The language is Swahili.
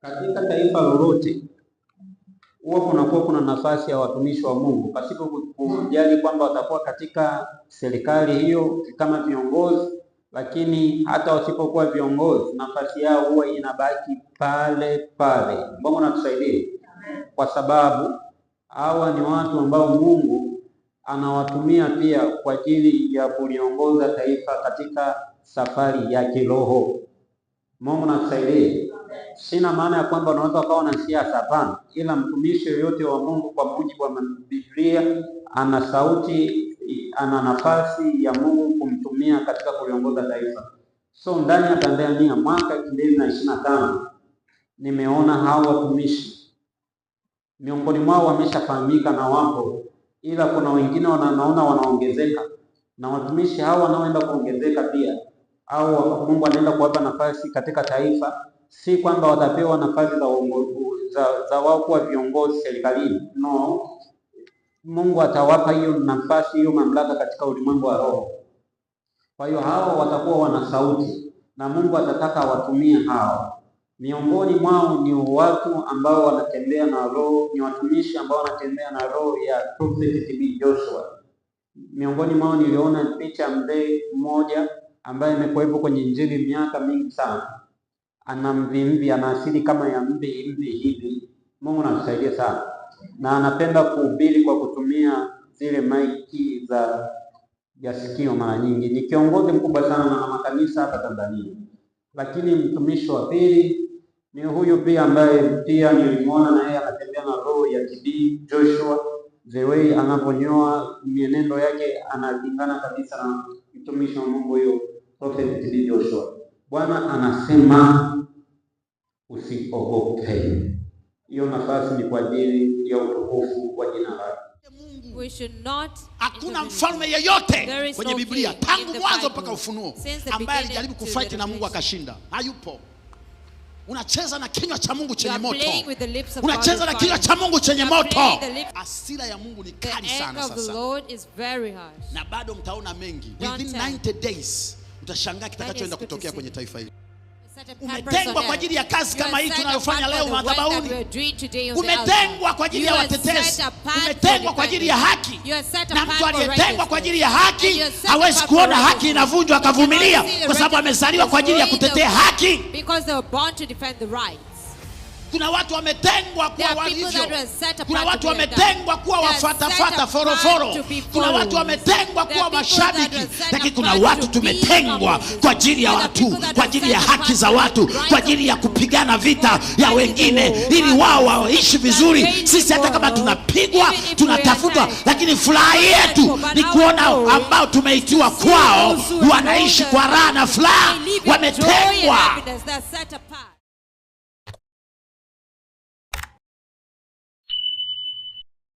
Katika taifa lolote huwa kunakuwa kuna nafasi ya watumishi wa Mungu pasipo kujali kwamba watakuwa katika serikali hiyo kama viongozi, lakini hata wasipokuwa viongozi nafasi yao huwa inabaki pale pale. Mungu natusaidie, kwa sababu hawa ni watu ambao Mungu anawatumia pia kwa ajili ya kuliongoza taifa katika safari ya kiroho. Mungu natusaidie. Sina maana ya kwamba unaweza ukawa na siasa, hapana, ila mtumishi yoyote wa Mungu kwa mujibu wa Biblia ana sauti, ana nafasi ya Mungu kumtumia katika kuliongoza taifa. So ndani ya Tanzania mwaka elfu mbili na ishirini na tano nimeona hao watumishi miongoni mwao wameshafahamika na wapo, ila kuna wengine wanaona wanaongezeka, na watumishi hao wanaoenda kuongezeka pia au Mungu anaenda kuwapa nafasi katika taifa si kwamba watapewa nafasi za, za, za wao kuwa viongozi serikalini no. Mungu atawapa hiyo nafasi hiyo mamlaka katika ulimwengu wa roho. Kwa hiyo hao watakuwa wana sauti na Mungu atataka watumie hao. Miongoni mwao ni watu ambao wanatembea na roho, ni watumishi ambao wanatembea na roho ya Prophet TB Joshua. Miongoni mwao niliona picha mzee mmoja ambaye amekuwepo kwenye Injili miaka mingi sana ana mvimvi ana asili kama ya mvi mvi hivi. Mungu namsaidia sana, na anapenda kuhubiri kwa kutumia zile maiki za ya sikio mara nyingi. Ni kiongozi mkubwa sana na makanisa hapa Tanzania. Lakini mtumishi wa pili ni huyu pia, ambaye pia nilimwona na yeye anatembea na roho ya TB Joshua Zewei, anaponyoa mienendo yake analingana kabisa na mtumishi wa Mungu huyo Prophet TB Joshua. Bwana anasema usiogope. Hiyo nafasi ni kwa ajili ya utukufu wa jina lake. Hakuna mfalme yeyote kwenye Biblia tangu mwanzo mpaka Ufunuo ambaye alijaribu kufight na Mungu akashinda, hayupo. Unacheza na kinywa cha Mungu chenye moto, unacheza na kinywa cha Mungu chenye moto. Asira ya Mungu ni kali sana sasa, na bado mtaona mengi within 90 days. Utashangaa kitakachoenda kutokea kwenye taifa hili. Umetengwa kwa ajili ya kazi kama hii tunayofanya leo madhabahuni. Umetengwa kwa ajili ya watetezi. Umetengwa kwa ajili ya haki, na mtu aliyetengwa kwa ajili ya haki hawezi kuona haki inavunjwa akavumilia, kwa sababu amezaliwa kwa ajili ya kutetea haki kuna watu wametengwa kuwa walivyo, kuna watu wametengwa kuwa wafatafata foroforo, kuna watu wametengwa kuwa mashabiki, lakini kuna watu tumetengwa kwa ajili ya watu, kwa ajili ya haki za watu, kwa ajili ya kupigana vita ya wengine, ili wao waishi vizuri. Sisi hata kama tunapigwa, tunatafutwa, lakini furaha yetu ni kuona ambao tumeitiwa kwao wanaishi kwa raha na furaha, wametengwa.